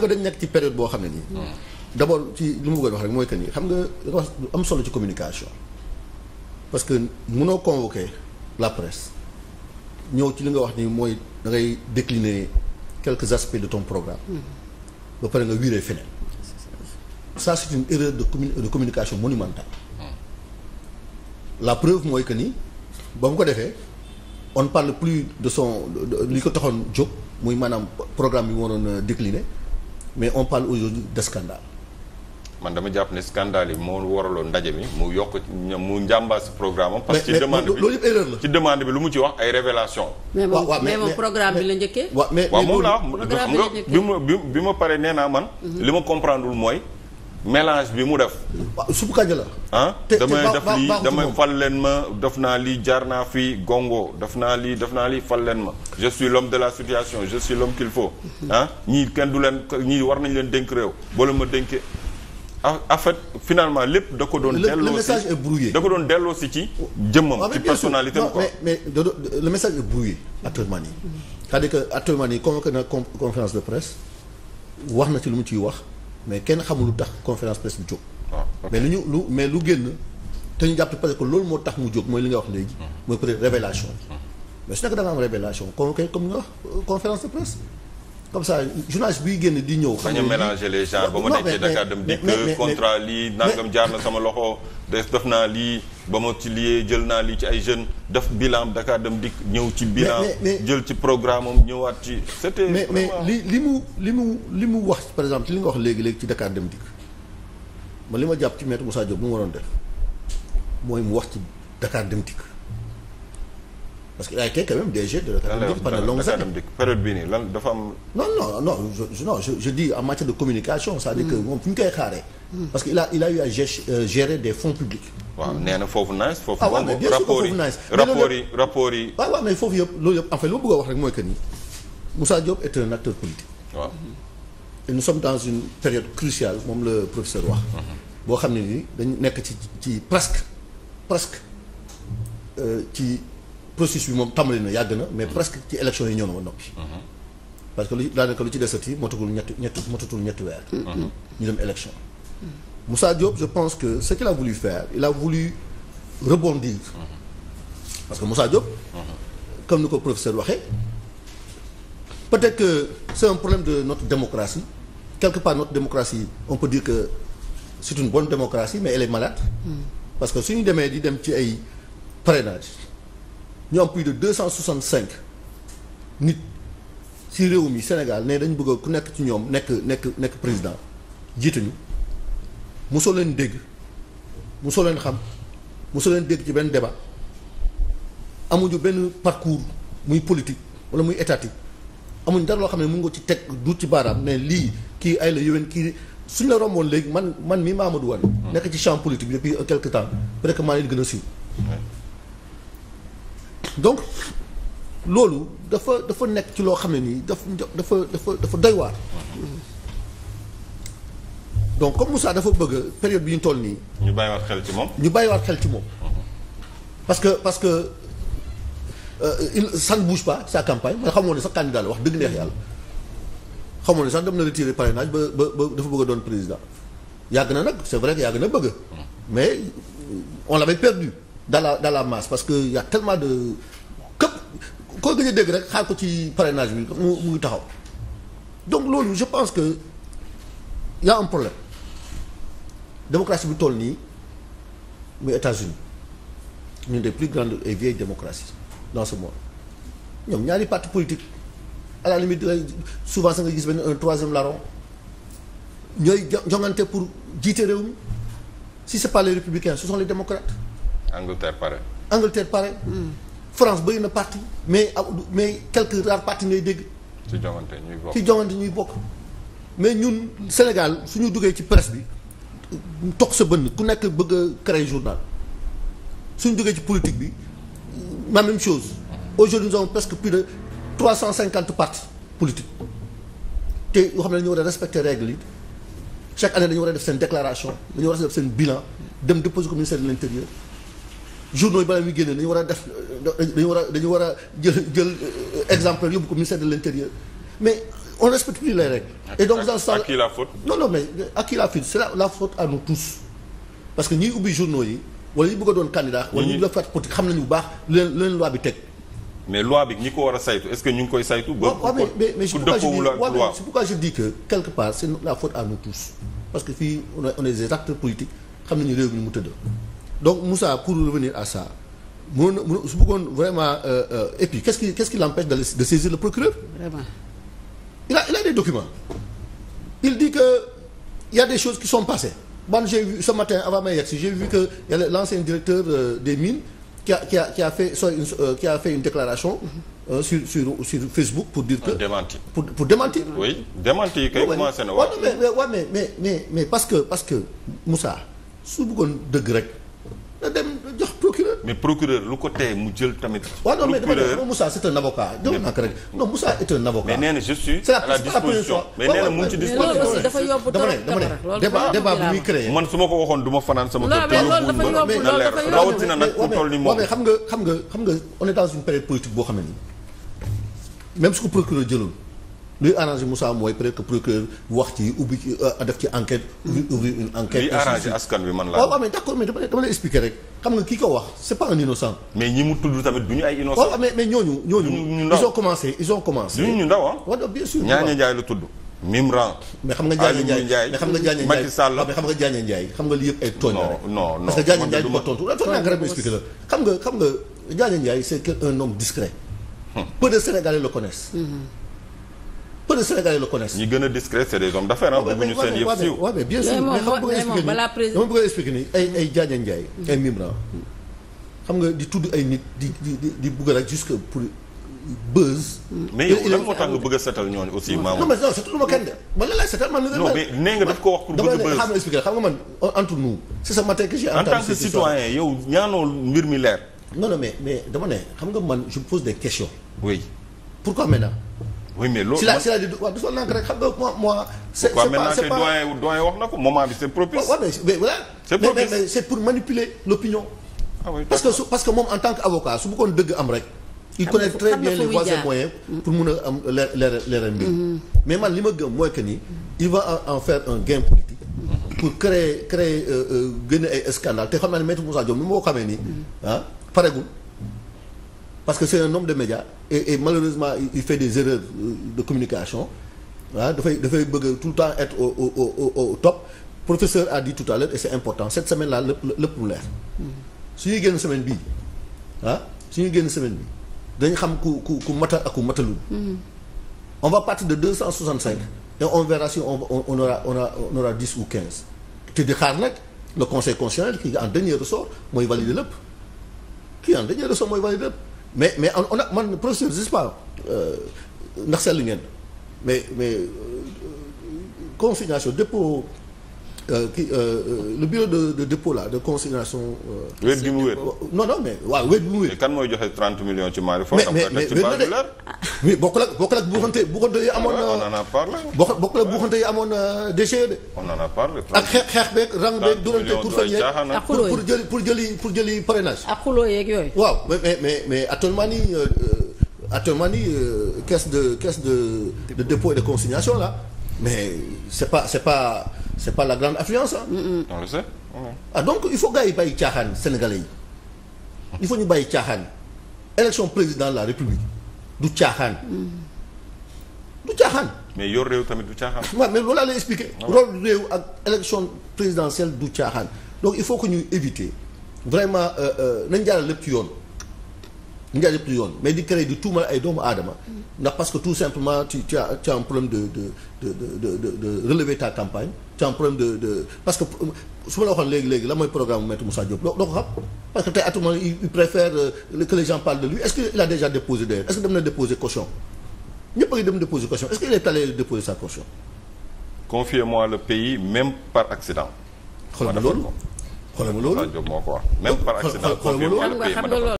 nga dañ nekk ci période boo xam ne nii. Hmm. d' abord ci li mu bëggoon wax rek mooy que ni xam nga wax lu am solo ci communication. parce que mënoo convoquer la presse ñëw ci li nga wax ni mooy da ngay décliner quelques de ton programme. Hmm. pare nga wiiree feneen. une erreur de commun communication monumentale. Hmm. la preuve mooy que nii ba mu ko defee on ne parle plus de son li ko taxoon jóg muy maanaam programme bi mu waroon euh, décliner. mais on parle aujourd'hui de scandale man dama jàpp ne scandale yi moo waraloon ndaje mi mu yokk mu njàmbaas programme parce que ci demande bi loolu demande bi lu mu ci wax ay révélation mais moom programme bi la njëkkee. waaw mais moom laa wax bi ma bi ma paree neenaa man. Mhm. li ma comprendre wul mooy. mélange bi mu def. waaw supp kànja la. ah damay def lii damay fal leen ma def naa lii jaar naa fii gongo def naa lii def naa lii fal leen ma je suis l'homme de la situation je suis l'homme qu'il faut ah ñii kenn du leen ñii war nañu leen dénk réew boole ma dénkee. en fait finalement lépp da ko doon. delloo si le message da ko doon delloo si ci jëmmam. Ah, ci personnalité am quoi mais mais le message est brouillé actuellement nii. c'est-à-dire que actuellement nii convoqué na conférence de presse wax na ci lu mu ciy wax. mais kenn xamul lu tax conférence presse bu jóg. Ah, mais lu ñu lu mais lu génn te ñu jàpp parce que loolu moo tax mu jóg mooy li nga wax léegi. Mm. mooy peut être révélation bi. Mm. mais su nekk da nga am révélation convoqué comme nga wax euh, conférence de presse comme ça journaliste biy génn di ñëw. xam nga mélanger les ba ma nekkee Dakar dem di. mais mais contrat lii nangam jaar na sama loxo def naa lii. ba moo ci lié jël naa lii ci ay jeunes def bilan Dakar dem dikk ñëw ci bilan jël ci programme am ñëwaat ci c'était mais mais li li mu li mu li mu wax par exemple li nga wax léegi-léegi ci Dakar dem dikk man li ma jàpp ci maître Moussa Diop bu mu waroon def mooy mu wax ci Dakar dem dikk parce que il a été quand même de l'Académie pendant longues années nii lan dafa am. non non non je non en matière de communication. c'est-à-dire que hmm. moom fu ñu koy xaaree. parce que il a il a eu à euh, gérer des fonds publics. waaw nee foofu nice foofu. waaw ah, mais bien foofu nice rapport yi rapport yi. waaw waaw mais foofu yëpp loolu yëpp en fait li ma bëgg a wax rek mooy que ni Moussa Diop un acteur politique. waaw et nous dans une période cruciale moom la professeur wax. Mhm. boo xam ne nii dañu nekk ci ci presque presque euh, ci. processus bi moom tàmbali na yàgg na mais mm-hmm. presque ci élection yi ñëw na ba noppi. Mm-hmm. parce que lu daanaka lu ci desati motagul ñetti ñetti motatul ñetti weer. Mm-hmm. ñu dem élection. Moussa je pense que ce qu'il a voulu faire il a voulu rebondir. parce que Moussa Diop. comme ni ko professeur waxee. peut-être que c'est un problème de notre démocratie quelque part notre démocratie on peut dire que c'est une bonne démocratie mais elle est mm. parce que suñu demee di dem ci ay parrainage. ñu am plus de deux cent soixante cinq nit ci réew mi Sénégal ne dañ bëgg ku nekk ci ñoom nekk nekk nekk président jiite ñu mosoo leen dégg mu mosoo leen xam mu mosoo leen dégg ci benn débat amuñu benn parcours muy politique wala muy étatique amuñ dara loo xam ne mun nga ci teg du ci baaraam ne lii kii ay la yowén kii suñ la romboon léegi man man mi Mamadou Wane hmm. nekk ci champ politique bi depuis quelque temps peut que maa leen gën a siiw donc loolu dafa dafa nekk ci loo xam ne nii dafa dafa dafa dafa doy waar. donc comme Moussa dafa bëgg période bi ñu toll nii. ñu bàyyiwaat xel ci moom. ñu bàyyiwaat xel ci moom. parce que parce que euh, il ça ne bouge pas sa campagne man xamoon ne sax candidat wax dëgg neex yàlla. xamoon ne sax dem na retiré parrainage ba ba ba dafa bëgg doon président yàgg na nag c'est vrai que yàgg na bëgg. mais on l'avait perdu. dans la dans la masse parce que y a de képp koo gën a dégg rek xaar ko ci parrainage bi mu mu ngi taxaw donc loolu je pense que y a un problème démocratie bu toll nii muy États-Unis l'une des plus grandes et vieilles démocraties dans ce monde ñoom ñaari parti politique à la souvent sa nga gis benn un troisième larron ñooy jongante pour jiite réew mi si c'est pas les républicains ce sont les démocrates Angleterre pare. Angleterre pare. Hmm. France bëri na parti mais mais quelques rares partis ngay dégg. ci joŋante ñuy bokk ci joŋante ñuy bokk. mais ñun Sénégal suñu ñu duggee ci presse bi toog sa bënn ku nekk bëgg a journal suñu duggee ci politique bi la même chose. aujourd'hui nous avons presque plus de trois cent cinquante partis politiques te yoo xam ne dañu war a respecter règles yi chaque année dañu war def seen déclaration dañu war a def seen bilan dem déposer ko ministère journaux yi balaa muy génne dañu war a def dañu war a dañu war a jël jël euh, exemplaire yóbbu ko ministère de l' intérieur mais on respecte plus les règles. et donc dans ça à qui la faute. non non mais à qui la faute c' la, la faute à tous parce que ñiy ubbi journaux yi wala ñi bëgg a doon candidat. wala ñi bëgg a faire xam nañu bu baax leen leen loi bi teg. mais loi bi ñi ko war a saytu est ce que ñu ngi koy saytu. ba ku mais mais je c'est pourquoi je dis que fii on est on est des nañu réew mi mu tëdd. donc mussa pour revenir à ça mënoon na mënoon su bëggoon vraiment euh, euh, et puis qu'est-ce qui qu'est-ce qui l'empêche de de saisir le procureur. il a il a des documents. il dit que il y a des choses qui sont passées man j'ai vu ce matin avant may yegsi j'ai vu que y a l'ancien directeur euh, des mines qui a qui a qui a fait soit une a fait une déclaration. Mm-hmm. Euh, sur sur sur Facebook pour dire que. pour pour démentir. oui démenti kay commencé na. waaw mais mais mais mais parce que parce que Moussa su bëggoon dëgg rek. da dem jox procureur. lu ko mu jël tamit. waaw non mais dama ne Moussa c'est un avocat. déglu na je suis à la disposition mais nee na mu ngi ci disposition. man su ma ko waxoon du ma fanaan sama kër. loolu mais loolu dafa yóbbu rawatina nag ku toll ni moom. mais xam nga xam nga xam nga on est dans une période politique boo xam ne nii même su ko procureur jëlul luy arrangé Moussa mooy peut être procureur wax ci ubbi ci euh, def ci enquête. ouvrir une enquête. liy arrangé askan wi man laa. waaw oh, waaw ah, mais d' accord mais expliquer rek xam nga kii ko wax c' est pas un innocent. mais ñi mu tudd tamit du ñu ay innocent. waaw oh, ah, mais mais ñooñu. ñooñu ils ont commencé ah. ils bien sûr ñaaña jaay lu tudd. Mimran mais xam nga Diagne Ndiaye mais xam nga Diagne Ndiaye Macky Sall mais xam nga Diagne xam nga lii yëpp ay tooñ la rek parce que Diagne Ndiaye du ma tontu la xam nga xam nga Diagne Ndiaye c'est un homme peu de Sénégalais le gën a discret c'est des hommes d'affaires ah. seen yëf siiw bien sûr mais xam nga ay ay Diagne Ndiaye xam nga di tudd ay nit di di di bugg rek jusque pour buzz. mais yow lan moo tax nga bëgg a setal ñooñu aussi maamu. non mais non setaluma kenn de man la setal man. non mais nee nga ko wax pour xam nga man entre nous. c'est ce matin que j'ai entendu en tant mbir mi leer. non non mais mais dama ne xam nga man je pose des questions. oui pourquoi maintenant si la si la waaw du soxla naa ko rek xam nga moi moi. c' est pas c' est pas doyen doyen wax na pour manipuler l' opinion. ah oui parce que su parce que moom en tant que avocat su bëggoon dëgg am rek. il ah, connaît très bien les pour mun a am leer leer leeral mbir. Mm-hmm. mais man li ma gëm mooy que ni il va en faire un gain politique. pour créer créer euh, euh, génne ay scandale te xam naa ne maître Moussa Diop ni ma ko xamee nii. Mm-hmm. ah pareegul. parce que c'est un homme de médias et, et malheureusement il fait des erreurs de communication ah dafay dafay bëgg tout le temps être au au professeur a dit tout à l'heure et c'est important cette semaine là lépp lépp mu leer hmm. su ah su ñuy génn semaine bi ah, dañ xam ku ku ku matal ak ku matalul. Hmm. on va partir de deux cent soixante cinq et on verra si on on on aura te di xaar nag le conseil constitutionnel qui en dernier ressort mooy valider lépp qui en dernier ressort mooy valider lépp. mais mais on a man professeur je sais pas euh, ndax seetlu ngeen mais mais euh, consignation dépôt kii euh, euh, euh, le bureau de de dépôt là de consignation. wéet bi mu wéet. non non mais waaw wéet bi mu wéet. kan mooy joxe 30 millions ci Mali. mais mais mais mais bokkul ak bokkul ak buuxante buuxante yi amoon. on a parlé. bokkul ak buuxante de. ak xeex xeex beeg rang beeg. durante pour fañ yeeg pour jëli pour jëli pour jëli ak xuloo yeeg yooyu. waaw mais mais mais mais actuellement nii actuellement nii caisse de caisse de de dépôt et de consignation là mais c'est pas c'est pas. c'est par la grande affluence ah. on le ah, donc il faut gars yi bàyyi caaxaan sénégalais yi il faut ñu bàyyi caaxaan élection président de la république du caaxaan. Mm. du caaxaan. mais yor réew tamit du caaxaan. waaw mais loolu laa lay expliquer. Ah rôle réew ak élection présidentielle du caaxaan donc il faut que ñu éviter vraiment euh, euh, nañ jàllale lépp ci yoon. njaay yëpp du yoon mais di créer di tuumal ay doomu aadama ndax parce que tout simplement tu tu as tu as un problème de de de de de de relever ta campagne tu as un problème de de parce que su ma la waxoon léegi ko xam parce que tey à tout moment il préfère euh, que les gens parlent de lui est-ce que il a déjà déposé d'ailleurs est a par accident. xoolal loolu moo ko wax. même par accident confiez-moi